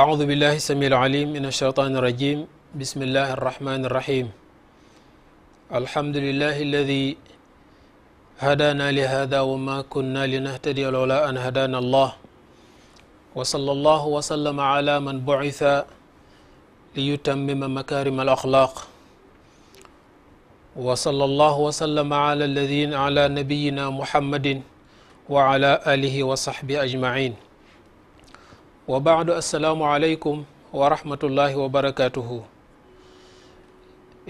أعوذ بالله السميع العليم من الشيطان الرجيم بسم الله الرحمن الرحيم الحمد لله الذي هدانا لهذا وما كنا لنهتدي لولا أن هدانا الله وصلى الله وسلم على من بعث ليتمم مكارم الأخلاق وصلى الله وسلم على الذين على نبينا محمد وعلى آله وصحبه أجمعين wa baax assalaamu aleykum wa wa barakaatuhu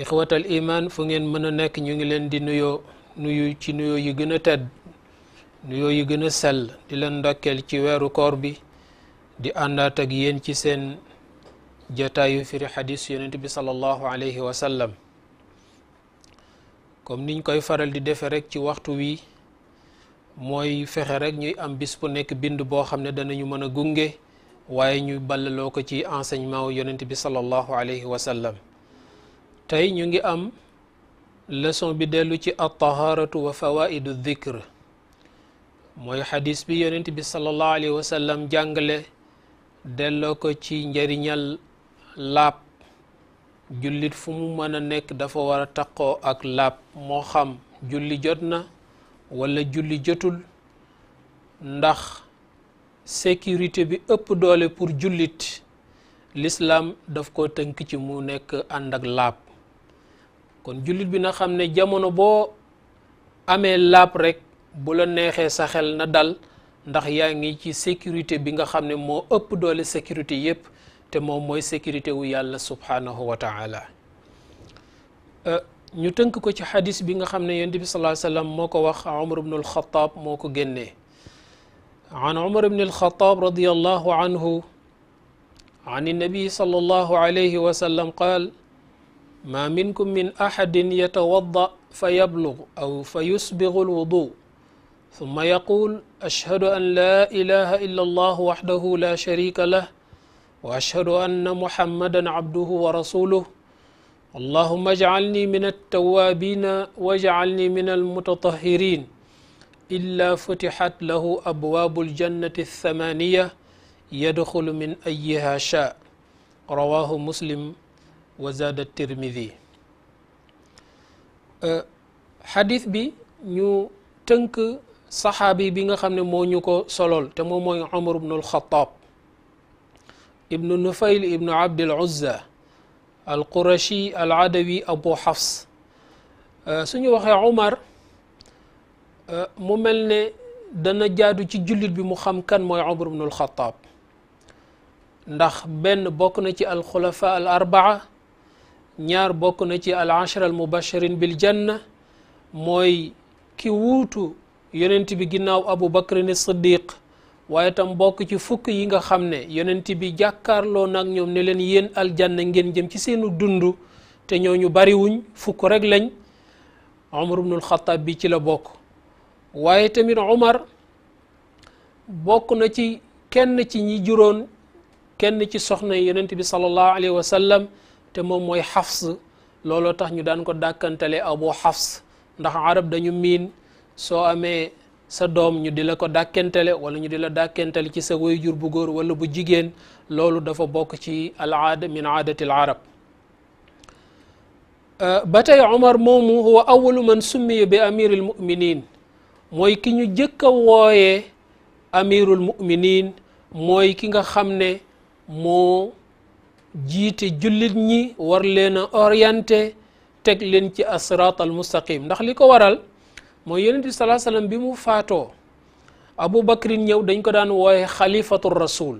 ixwatal iman fu ngeen mën a nekk ñu ngi leen di nuyoo nuyu ci nuyoo yu gën a tedd nuyoo yu gën a sell di leen ndokkeel ci weeru koor bi di àndaat ak yéen ci seen jataayu firi xadis yonent bi sallallahu alayhi wa sallam comme niñ koy faral di defe rekk ci waxtu wi mooy fexe rek ñuy am bis bu nekk bind boo xam ne danañu mën a gunge waaye ñu balaloo ko ci ensegnement yonent bi sallallahu alayhi wa tey ñu ngi am leson bi dellu ci at-taharatu wa fawaidu dhikr mooy xadis bi yonent bi sallallahu alayhi wa jàngale delloo ko ci njariñal laab jullit fu mu mën a nekk dafa war a taqoo ak laab moo xam julli jot na walla julli jotul ndax sécurité bi ëpp doole pour jullit lislaam daf ko tënk ci mu nekk ànd ak laab kon jullit bi nga xam ne jamono boo amee laab rek bu la neexee sa xel na dal ndax yaa ngi ci sécurité bi nga xam ne moo ëpp doole sécurité yépp te moom mooy sécurité wu yàlla subhaanahu wa taala euh, ñu tënk ko ci xadis bi nga xam ne yonent bi sallallahu alayhi moo ko wax Umar ibn al-Khattab moo ko génnee عن عمر بن الخطاب رضي الله عنه عن النبي صلى الله عليه وسلم قال ما منكم من أحد يتوضأ فيبلغ أو فيسبغ الوضوء ثم يقول أشهد أن لا إله إلا الله وحده لا شريك له وأشهد أن محمدا عبده ورسوله اللهم اجعلني من التوابين واجعلني من المتطهرين illaa futixat lahu abwaabu aljannati althamaniya yadxulu min ayiha shaa rawahu muslim wa zaada tirmidi xadis bi ñu tënk bi nga xam ne moo ñu solol te moom mooy omar ibnu alxataab ibnu nufayl ibnu abdil uzza alqurashi aladawi abu xafs suñu waxee omar mu mel ni dana jaadu ci jullit bi mu xam kan mooy Umar ibnul Xattaab ndax benn bokk na ci alxulafa al ñaar bokk na ci al ashara al mubashirin bil janna mooy ki wuutu yonent bi ginnaaw abu bakrin siddiq waaye tam bokk ci fukk yi nga xam ne yonent bi jàkkaarloo nag ñoom ne leen yéen aljanna ngeen jëm ci seenu dund te ñoo ñu bariwuñ fukk rek lañ umar ibnul xataab bi ci la bokk waaye tamit Umar bokk na ci kenn ci ñi juróon kenn ci soxna yonent bi sallallahu alayhi wa sallam te moom mooy Xafs looloo tax ñu daan ko dàkkantale Abu ndax arab dañu miin soo amee sa doom ñu di la ko dàkkantale wala ñu di la dàkkantale ci sa wayjur bu góor wala bu jigéen loolu dafa bokk ci al aada min aadati al arab ba tey Umar moomu huwa awalu man summiya bi amiril muminin mooy ki ñu jëkk a wooyee amirul muminin mooy ki nga xam ne moo jiite jullit ñi war leena oriente teg leen ci asiraat al mustaqim ndax li ko waral mooy yonent bi salaa sallam bi mu faatoo abu bakrin ñëw dañ ko daan wooye xalifatu rasuul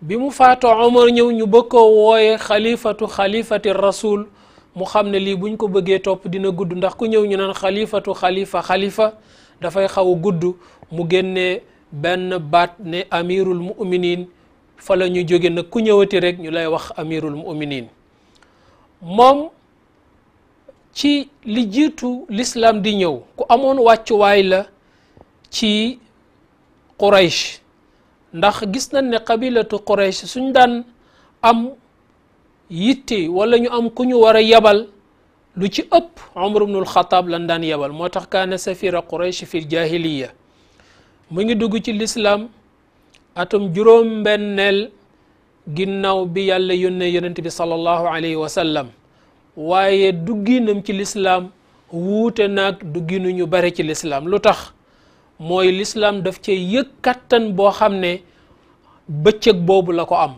bi mu faatoo omar ñëw ñu bëgg ko wooye xalifatu xalifati rasul mu xam ne lii buñ ko bëggee topp dina gudd ndax ku ñëw ñu naan xalifatu xalifa xalifa dafay xaw a gudd mu génnee benn baat ne amirul muminin fa la ñu jóge nag ku ñëwati rekk ñu lay wax amirul muminin moom ci li jiitu lislaam di ñëw ku amoon wàccuwaay la ci Quraysh ndax gis nañ ne qabilatu Quraysh suñ daan am yitte wala ñu am ku ñu war a yabal lu ci ëpp Umar ibnul Xataab lan daan yabal moo tax kaana safira Quraysh fil jaahiliya mu ngi dugg ci lislaam atum juróom-benneel ginnaaw bi yàlla yónnee yonent bi sallallahu alayhi wa sallam waaye dugginam ci lislaam wuute naag dugginu ñu bare ci lislaam lu tax mooy lislaam daf cee yëg kattan boo xam ne bëccëg boobu la ko am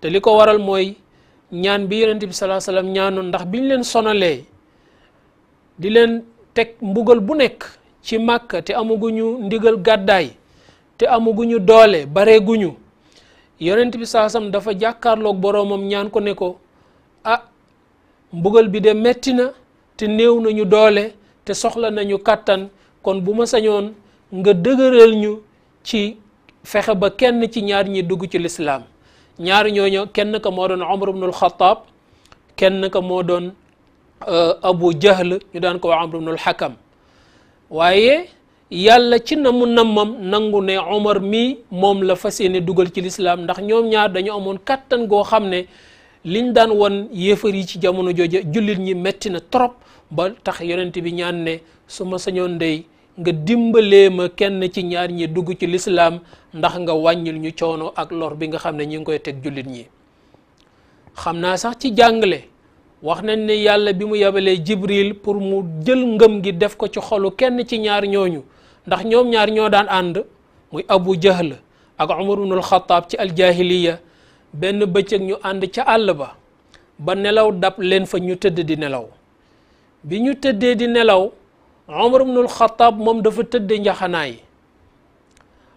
te li ko waral mooy ñaan bi yonent bi salaa salaam ñaanoon ndax bi ñu leen sonalee di leen teg mbugal bu nekk ci màkka te amaguñu ndigal gàddaay te amaguñu doole bareeguñu yonent bi salaa dafa jàkkaarloog boroomam ñaan ko ne ko ah mbugal bi de metti na te néew nañu doole te soxla nañu kàttan kon bu ma sañoon nga dëgëral ñu ci fexe ba kenn ci ñaar ñi dugg ci lislaam ñaar ñooñu kenn ka moo doon Omar ibnul Xataab kenn ka moo doon uh, Abu Jahl ñu daan ko wax Omar ibnul Xakam waaye yàlla ci na mu nammam nangu ne Omar mii moom la fas yéene dugal ci lislaam ndax ñoom ñaar dañu amoon kàttan goo xam ne liñ daan wan yéefar yi ci jamono jooja jullit ñi metti na trop ba tax yonent bi ñaan ne su ma sañoon ndey nga dimbalee ma kenn ci ñaar ñi dugg ci lislaam ndax nga wàññil ñu coono ak lor bi nga xam ne ñi ngi koy teg jullit ñi xam naa sax ci jàngale wax nañ ne yàlla bi mu yabalee jibril pour mu jël ngëm gi def ko ci xolu kenn ci ñaar ñooñu ndax ñoom ñaar ñoo daan ànd muy abu jahl ak umar ibnul xataab ci aljahiliya benn bëccëg ñu ànd ca àll ba ba nelaw dab leen fa ñu tëdd di nelaw bi ñu tëddee di nelaw Omar ibnul Xataab moom dafa tëdde njaxanaay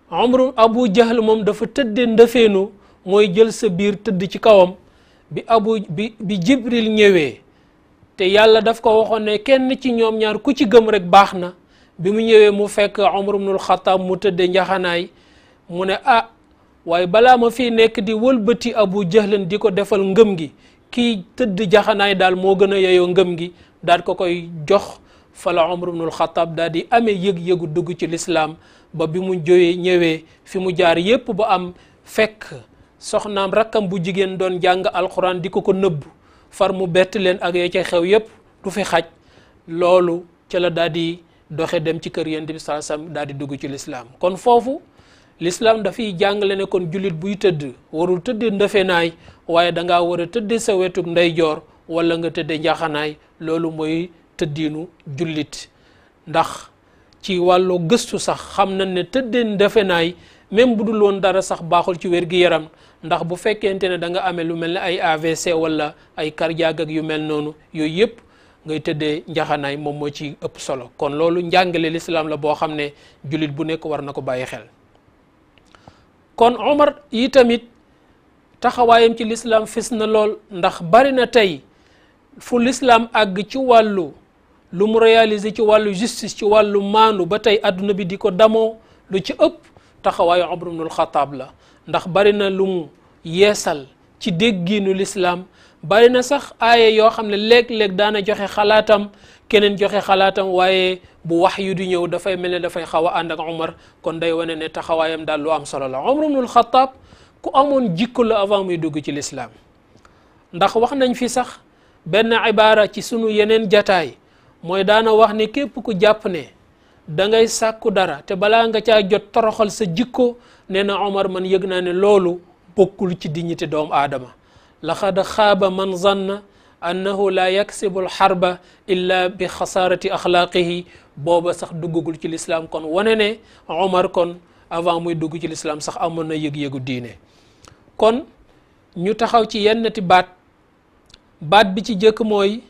Omar Abu Jahl moom dafa tëdde ndëfeenu mooy jël sa biir tëdd ci kawam bi abu bi bi Jibril ñëwee te yàlla daf ko waxoon ne kenn ci ñoom ñaar ku ci gëm rek baax na bi mu ñëwee mu fekk Omar ibnul Xataab mu tëdde njaxanaay mu ne ah waaye balaa ma fii nekk di wëlbati Abu Jahlin di ko defal ngëm gi kii tëdd jaxanaay daal moo gën a yeyoo ngëm gi daal ko koy jox fa la Umar Xataab daal di amee yëg-yëgu dugg ci lislaam ba bi mu jóyee ñëwee fi mu jaar yépp ba am fekk soxnaam rakkam bu jigéen doon jàng alxuraan di ko ko nëbb far mu bett leen ak ya ca xew yépp du fi xaj loolu ca la daal di doxe dem ci kër yonent bi sallallahu alayhi daal di dugg ci lislaam kon foofu lislaam dafay jàngale ne kon jullit buy tëdd warul tëddee ndëfenaay waaye dangaa war tëdde sa wetug ndeyjoor walla nga tëddee njaxanaay loolu mooy tëddiinu jullit ndax ci wàllu gëstu sax xam na ne tëddeen defe naay même bu dul woon dara sax baaxul ci wér-gi-yaram ndax bu fekkente ne danga amee lu mel ne ay AVC walla ay cardiaque ak yu mel noonu yooyu yëpp ngay tëddee njaxanaay moom moo ci ëpp solo kon loolu njàngale lislaam la boo xam ne jullit bu nekk war na ko bàyyi xel kon Omar yi tamit taxawaayam ci lislaam fis na lool ndax bari na tey fu lislaam àgg ci wàllu lu mu réaliser ci wàllu justice ci wàllu maandu ba tey àdduna bi di ko damoo lu ci ëpp taxawaayu Umar ibnul Xattaab la ndax bari na lu mu yeesal ci déggiinu lislaam bari na sax aaye yoo xam ne léeg-léeg daana joxe xalaatam keneen joxe xalaatam waaye bu wax yu di ñëw dafay mel ne dafay xaw a ànd ak Umar kon day wane ne taxawaayam daal lu am solo la Umar ibnul Xattaab ku amoon jikko la avant muy dugg ci lislaam ndax wax nañ fi sax benn ibaara ci sunu yeneen jataay mooy daana wax ne képp ku jàpp ne da ngay sàkku dara te balaa nga caa jot toroxal sa jikko nee na Omar man yëg naa ne loolu bokkul ci dignité doomu aadama laxad xaaba man zanna annahu laa yaksibu alxarba illa bi xasaarati axlaaqihi booba sax duggagul ci lislaam kon wane ne Omar kon avant muy dugg ci lislaam sax amoon na yëg-yëgu diine kon ñu taxaw ci yennati baat baat bi ci jëkk mooy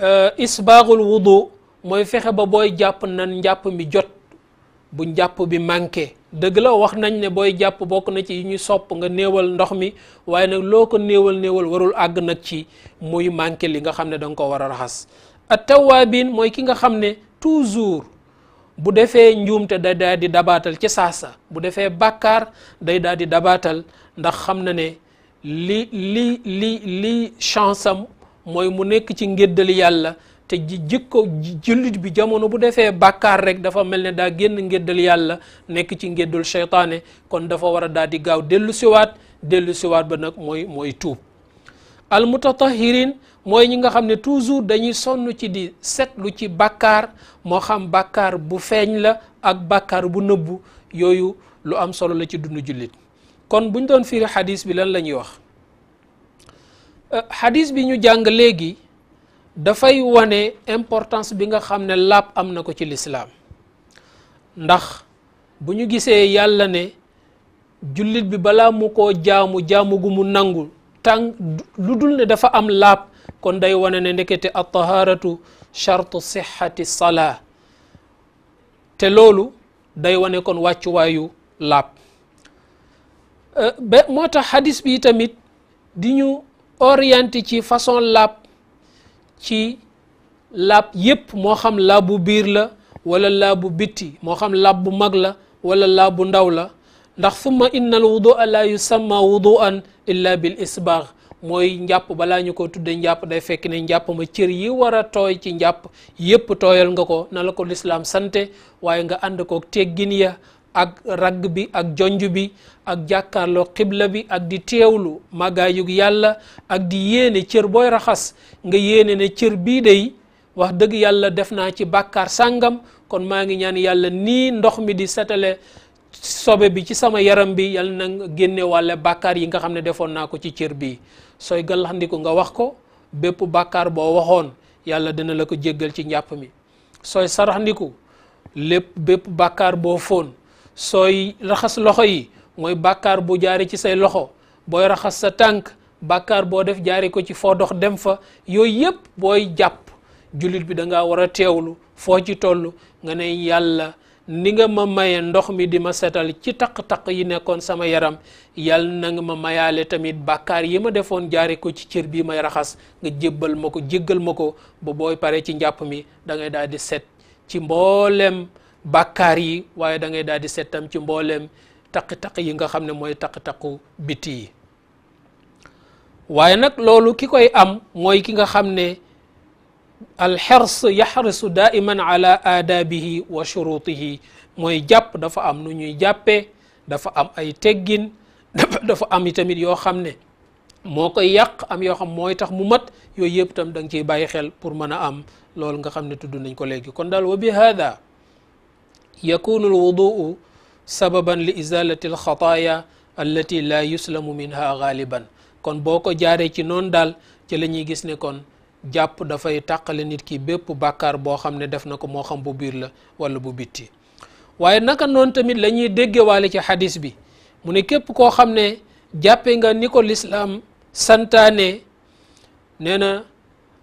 Euh, isbaaxul wudu mooy fexe ba booy jàpp nan njàpp mi jot bu njàpp bi manqué dëgg la wax nañ ne booy jàpp bokk na ci yi ñu sopp nga néewal ndox mi waaye nag loo ko néewal néewal warul àgg nag ci muy manqué li nga xam ne da nga ko war a raxas at tawaabin mooy ki nga xam ne toujours bu defee njuumte day daal di dabaatal ci saasa bu defee bàkkaar day daal di dabaatal ndax xam na ne li li li li chance am mooy mu nekk ci ngéddal yàlla te ji jikko jullit bi jamono bu defee bàkkaar rek dafa mel ne daa génn ngéddal yàlla nekk ci ngéddal seytaane kon dafa war a daal di gaaw dellu siwaat dellu siwaat ba nag mooy mooy tuub al mutatahirin mooy ñi nga xam ne toujours dañuy sonn ci di setlu ci bàkkaar moo xam bàkkaar bu feeñ la ak bàkkaar bu nëbb yooyu lu am solo la ci dund jullit kon buñ doon firi xadis bi lan la ñuy wax xadiis euh, bi ñu jàng léegi dafay wane importance bi nga xam ne laab am na ko ci lislaam ndax bu ñu gisee yàlla ne jullit bi bala mu ko jaamu jaamu gu mu nangul tàng lu dul ne dafa am laab kon day wane ne ndekete al taharatu chartu sixati salaa te loolu day wane kon wàccuwaayu làpp euh, moo tax xadis bi tamit di ñu orienté ci façon laab ci laab yépp moo xam laab bu biir la wala laab bu bitti moo xam laab bu mag la wala laab bu ndaw la ndax fu ma al wudua la yusamma wuduan illa bil isbaar mooy njàpp balaa ñu ko tuddee njàpp day fekk ne njàpp ma cër yi war a tooy ci njàpp yépp tooyal nga ko na la ko lislaam sante waaye nga ànd kook teggin ya ak ragg bi ak jonj bi ak jàkkaarloo xibla bi ak di teewlu màggaayug yàlla ak di yéene cër booy raxas nga yéene ne cër bii dey wax dëgg yàlla def naa ci bàkkaar sàngam kon maa ngi ñaan yàlla nii ndox mi di setale sobe bi ci sama yaram bi yàlla na génne wàlle bàkkaar yi nga xam ne defoon naa ko ci cër bii sooy gallaxndiku nga wax ko bépp bàkkaar boo waxoon yàlla dina la ko jéggal ci njàpp mi sooy saraxndiku lépp bépp bàkkaar boo fóon sooy raxas loxo yi mooy bàkkaar bu jaaree ci say loxo booy raxas sa tànk bàkkaar boo def jaare ko ci foo dox dem fa yooyu yépp booy jàpp jullit bi danga ngaa war a teewlu foo ci toll nga ne yàlla ni nga ma maye ndox mi di ma setal ci taq-taq yi nekkoon sama yaram yàlla na nga ma mayaale tamit bàkkaar yi ma defoon jaaree ko ci cër bii may raxas nga jébbal ma ko jéggal ma ko ba booy pare ci njàpp mi dangay ngay di set ci mboolem bàkkaar yi waaye da ngay daal di seet tam ci mbooleem taq-taq yi nga xam ne mooy taq takku biti yi waaye nag loolu ki koy am mooy ki nga xam ne alxers yaxrisu daiman ala aadaabihi wa shurutihi mooy jàpp dafa am nu ñuy jàppee dafa am ay teggin dafa am i tamit yoo xam ne moo koy yàq am yoo xam mooy tax mu mat yooyu yëpp tam da nga ciy bàyyi xel pour mën a am loolu nga xam ne tudd nañ ko léegi kon daal wa bi hada yakunu alwuduu sababan li izalati alxataaya allati la yuslamu minha gaaliban kon boo ko jaaree ci noonu daal ci la ñuy gis ne kon jàpp dafay tàqale nit ki bépp bakkaar boo xam ne def na ko moo xam bu biir la wala bu bitti waaye naka noon tamit lañuy ñuy déggewaale ci xadis bi mu ne képp koo xam ne jàppe nga ni ko lislaam santaane nee na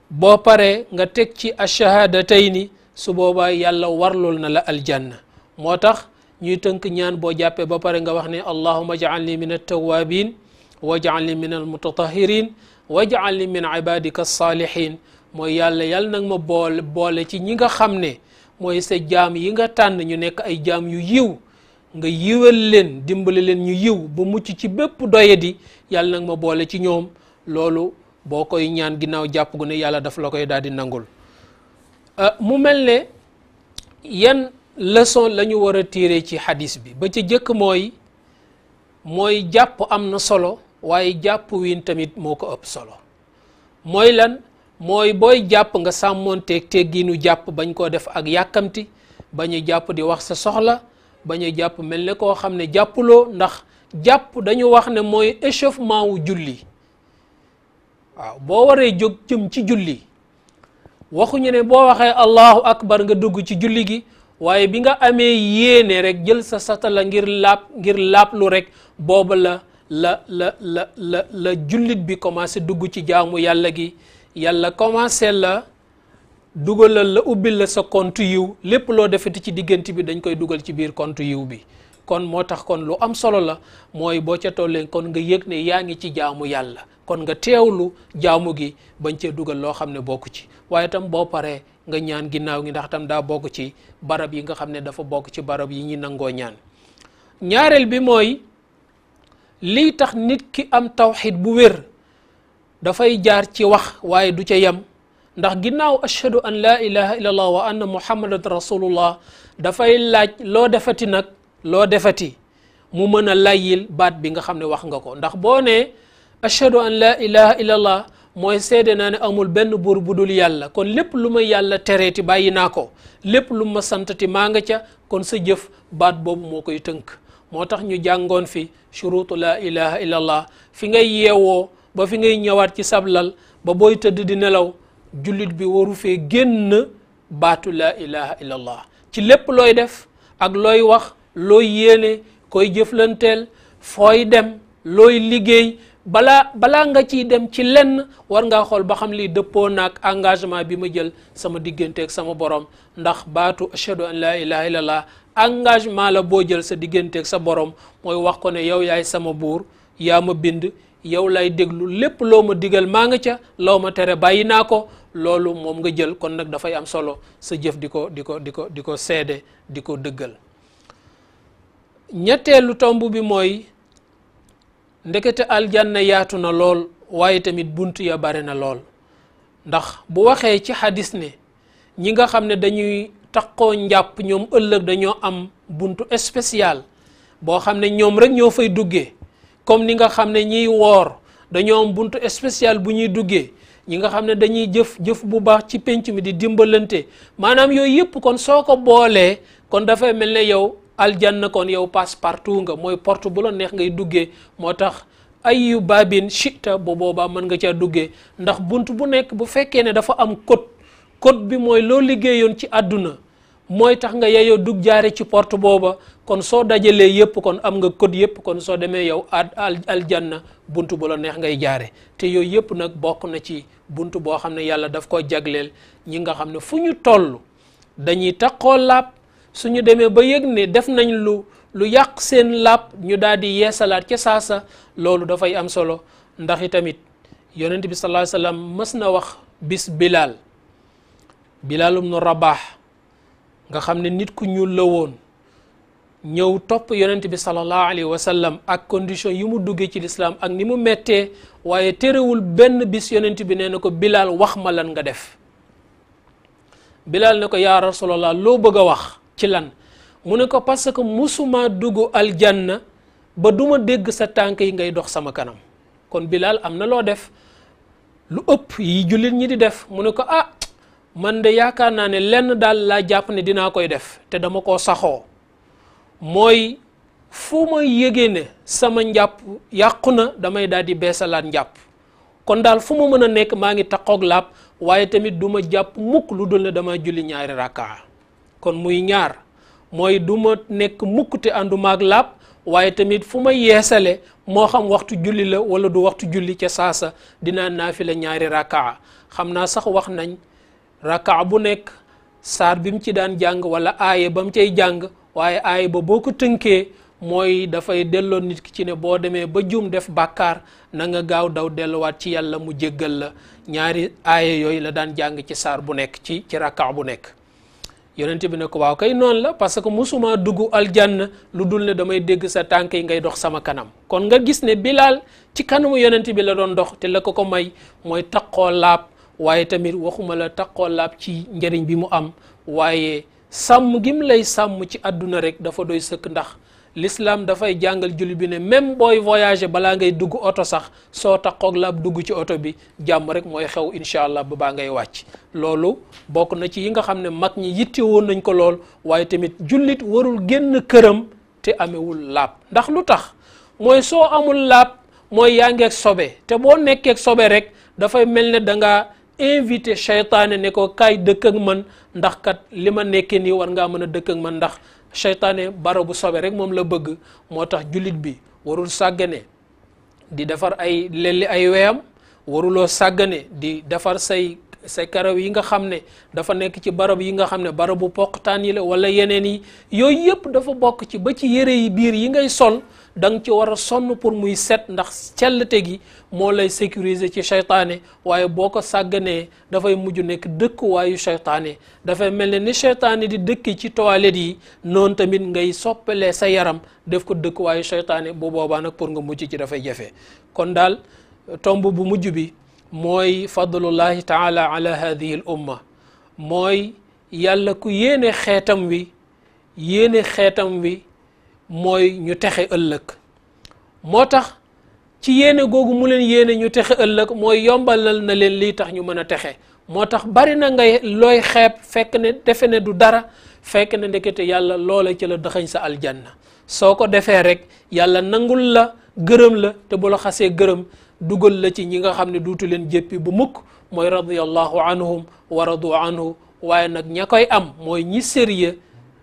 boo paree nga teg ci ashahaadatayni su boobaa yàlla warlul na la aljanna moo tax ñuy tënk ñaan boo jàppee ba pare nga wax ne allahuma jaalni min altawaabin wajaalni min almutatahirin wajaalni min ibadika alsalihin mooy yàlla yàlla nag ma boole boole ci ñi nga xam ne mooy sa jaam yi nga tànn ñu nekk ay jaam yu yiw nga yiwal leen dimbali leen ñu yiw ba mucc ci bépp doyadi yàlla nag ma boole ci ñoom loolu boo koy ñaan ginnaaw jàpp gu ne yàlla daf la koy daal di nangul ah, mu mel ne yan leçon la ñu war a tiire ci xadis bi ba ci jëkk mooy mooy jàpp am na solo waaye jàpp wiin tamit moo ko ëpp solo mooy lan mooy booy jàpp nga sàmmoonteeg teggiinu jàpp bañ koo def ak yàkkamti bañu jàpp di wax sa soxla bañ jàpp mel ne koo xam ne jàppuloo ndax jàpp dañu wax ne mooy échauffement wu julli waaw boo waree jóg jëm ci julli waxuñu ne boo waxee allahu akbar nga dugg ci julli gi waaye bi nga amee yéene rek jël sa satala ngir laab ngir laablu rek booba la la la la la la jullit bi commencé dugg ci jaamu yàlla gi yàlla commencé la dugalal la ubbil la sa compte yiw lépp loo defati ci diggante bi dañ koy dugal ci biir compte yiw bi kon moo tax kon lu am solo la mooy boo ca tollee kon nga yëg ne yaa ngi ci jaamu yàlla kon nga teewlu jaamu gi bañ cee dugal loo xam ne bokk ci waaye tam boo paree nga ñaan ginnaaw gi ndax tam daa bokk ci barab yi nga xam ne dafa bokk ci barab yi ñi nangoo ñaan ñaareel bi mooy li tax nit ki am tawxid bu wér dafay jaar ci wax waaye du ca yem ndax ginnaaw ashhadu an laa ilaha illallah wa anna dafay laaj loo defati nag loo defati mu mën a layyil baat bi nga xam ne wax nga ko ndax boo nee ashhadu an laa ilaha illa mooy seede naa ne amul benn buur bu dul yàlla kon lépp lu ma yàlla tereeti bàyyi naa ko lépp lu ma santati maa nga ca kon sa jëf baat boobu moo koy tënk moo tax ñu jàngoon fi shuruutu laa ilaha illa fi ngay yeewoo ba fi ngay ñëwaat ci sablal ba booy tëdd di nelaw jullit bi waru fee génn baatu laa ilaha illa allah ci lépp looy def ak looy wax looy yéene koy jëflanteel fooy dem looy liggéey balaa balaa nga ciy dem ci lenn war ngaa xool ba xam lii dëppoo naag engagement bi ma jël sama digganteek sama borom ndax baatu ashhadu an laa ilaha illallah engagement la boo jël sa digganteeg sa borom mooy wax ko ne yow yaay sama buur yaa ma bind yow lay déglu lépp loo ma digal maa nga ca loo ma tere bàyyi naa ko loolu moom nga jël kon nag dafay am solo sa jëf di ko di ko di ko di ko seede di ko dëggal ñetteelu tomb bi mooy ndekete aljanne yaatu na lool waaye tamit bunt ya bare na lool ndax bu waxee ci xadis ne ñi nga xam ne dañuy taqoo njàpp ñoom ëllëg dañoo am buntu spécial boo xam ne ñoom rek ñoo fay duggee comme ni nga xam ne ñiy woor dañoo am buntu spécial bu ñuy duggee ñi nga xam ne dañuy jëf jëf bu baax ci penc mi di dimbalante maanaam yooyu yëpp kon soo ko boolee kon dafay mel ne yow aljanna koon yow passe partout nga mooy porte bu la neex ngay duggee moo tax ayu baabin chita bu boobaa mën nga caa duggee ndax bunt bu nekk bu fekkee ne dafa am code code bi mooy loo liggéeyoon ci àdduna mooy tax nga yeyoo dug jaare ci port booba kon soo dajalee yépp kon am nga code yépp kon soo demee yow al aljanna bunt bu la neex ngay jaare te yooyu yépp nag bokk na ci bunt boo xam ne yàlla daf ko jagleel ñi nga xam ne fu ñu toll dañuy taqoo suñu demee ba yëg ne def nañ lu lu yàq seen làpp ñu daal di yeesalaat saa saasa loolu dafay am solo ndax itamit yonent bi sallallahu alayhi mës na wax bis bilaal bilaal ibnu rabaax nga xam ne nit ku ñuul la woon ñëw topp yonent bi sallallahu alayhi wa sallam ak condition yi mu duggee ci lislaam ak ni mu mettee waaye terewul benn bis yonent bi nee na ko bilaal wax ma lan nga def bilaal ne ko yaa rasulallah loo bëgg a wax ci lan mu ne ko parce que musuma dugg aljanna ba duma dégg sa tànk yi ngay dox sama kanam kon Bilal am na loo def lu ëpp yi jullit ñi di def mu ne ko ah man de yaakaar naa ne lenn daal laa jàpp ne dinaa koy def te dama koo saxoo mooy fu ma yégee ne sama njàpp yàqu na damay daal di beesalaat njàpp kon daal fu ma mën a nekk maa ngi taqoog làpp waaye tamit du ma jàpp mukk lu dul ne dama julli ñaari rakkaa kon muy ñaar mooy du ma nekk mukk te ànduma ak waaye tamit fu ma yeesale moo xam waxtu julli la wala du waxtu julli ca saasa dinaa naafila ñaari rakaa xam naa sax wax nañ rakaa bu nekk saar bi mu ci daan jàng wala aaye ba mu cay jàng waaye aaye ba boo ko tënkee mooy dafay delloo nit ki ci ne boo demee ba jum def bàkkaar na nga gaaw daw delluwaat ci yàlla mu jéggal la ñaari aaye yooyu la daan jàng ci saar bu nekk ci ci rakaa bu nekk yonent bi ne ko waaw kay noonu la parce que musuma dugg aljanna lu dul ne damay dégg sa tànk yi ngay dox sama kanam kon nga gis ne bilaal ci kanamu yonent bi la doon dox te la ko ko may mooy taqoo laab waaye tamit waxuma la taqoo laab ci njëriñ bi mu am waaye sàmm gi mu lay sàmm ci àdduna rek dafa doy sëkk ndax lislaam dafay jàngal julli bi ne même booy voyager balaa ngay dugg oto sax soo taxoog laab dugg ci oto bi jàmm rek mooy xew incha allah ba baa ngay wàcc loolu bokk na ci yi nga xam ne mag ñi yitte woon nañ ko lool waaye tamit jullit warul génn këram te amewul laab ndax lu tax mooy soo amul laab mooy yaa ngeeg sobe te boo nekkeeg sobee rek dafay mel ne da ngaa invité seytaane ne ko kaay dëkk ak man ndax kat li ma nekkee nii war ngaa mën a dëkk ak man ndax seytaane baro bu sobe rek moom la bëgg moo tax jullit bi warul sàggane di defar ay lelli ay weyam waruloo saggane di defar say sa karaw yi nga xam ne dafa nekk ci barab yi nga xam ne barabu poqtaan yi la wala yeneen yi yooyu yëpp dafa bokk ci ba ci yére yi biir yi ngay sol da nga ci war a sonn pour muy set ndax te gi moo lay sécuriser ci seytaane waaye boo ko sàgganee dafay mujj nekk dëkkuwaayu seytaane dafay mel na ni seytaane di dëkk ci toilette yi noonu tamit ngay soppalee sa yaram def ko dëkkuwaayu seytaane bu boobaa nag pour nga mujj ci dafay jafe kon daal tomb bu mujj bi mooy fadlullahi taala ala hadihi al umma mooy yàlla ku yéene xeetam wi yéene xeetam wi mooy ñu texe ëllëg moo tax ci yéene googu mu leen yéene ñu texe ëllëg mooy yombalal na leen lii tax ñu mën a texe moo tax bari na ngay looy xeeb fekk ne defe ne du dara fekk ne ndekete yàlla loola ci la dëxañ sa aljana soo ko defee rek yàlla nangul la gërëm la te bu la xasee gërëm dugal la ci ñi nga xam ne duutu leen jéppi bu mukk mooy radiyallahu anhum wa radu anhu waaye nag ña koy am mooy ñi sérieux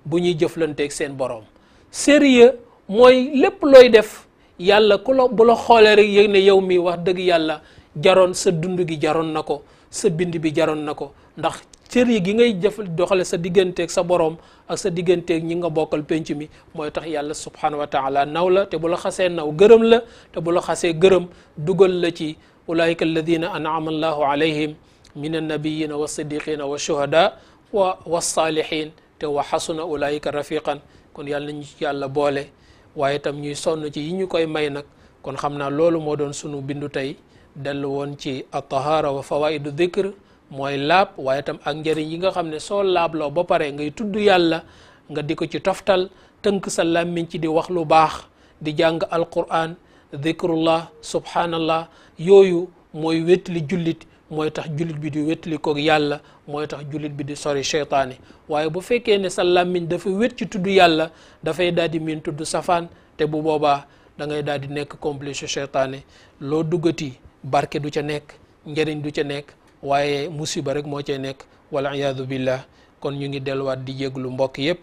bu ñuy jëflanteeg seen boroom sérieux mooy lépp looy def yàlla ku la bu la xoolee rek yëg ne yow mi wax dëgg yàlla jaroon sa dund gi jaroon na ko sa bind bi jaroon na ko ndax cër yi gi ngay jëf doxale sa digganteek sa borom ak sa digganteek ñi nga bokkal penc mi mooy tax yàlla subhanahu wa taala naw la te bu la xasee naw gërëm la te bu la xasee gërëm dugal la ci ulaika alladina an'ama allahu alayhim min annabiyina wa siddiqina wa shuhada wa wa saalihin te wa xasuna ulaika rafiqan kon yàlla nañu ci yàlla boole waaye tam ñuy sonn ci yi ñu koy may nag kon xam naa loolu moo doon sunu bindu tey dellu woon ci at-tahara wa fawaidu dhikr mooy laab waaye itam ak njëriñ yi nga xam ne soo laabloo ba pare ngay tudd yàlla nga di ko ci toftal tënk sa làmmiñ ci di wax lu baax di jàng alquran dhikrullah subhanallah yooyu mooy wétli jullit mooy tax jullit bi di wétli koog yàlla mooy tax jullit bi di sori seytaane waaye bu fekkee ne sa làmmiñ dafa wet ci tudd yàlla dafay daal di miin tudd safaan te bu boobaa dangay ngay daal di nekk complice seytaane loo duggati barke du ca nekk njëriñ du ca nekk waaye musiba rek moo cay nekk wala iyaadu billah kon ñu ngi delluwaat di jéglu mbokk yépp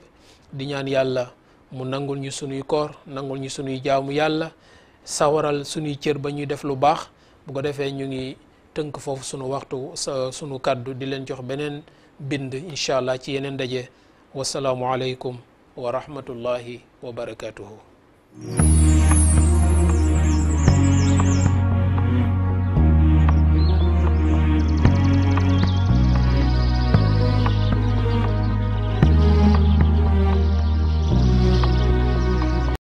di ñaan yàlla mu nangul ñu sunuy koor nangul ñu sunuy jaamu yàlla sawaral sunuy cër ba ñuy def lu baax bu ko defee ñu ngi tënk foofu sunu waxtu sunu kàddu di leen jox beneen bind incha allah ci yeneen ndaje wasalaamualeykum wa rahmatullahi wa barakatuhu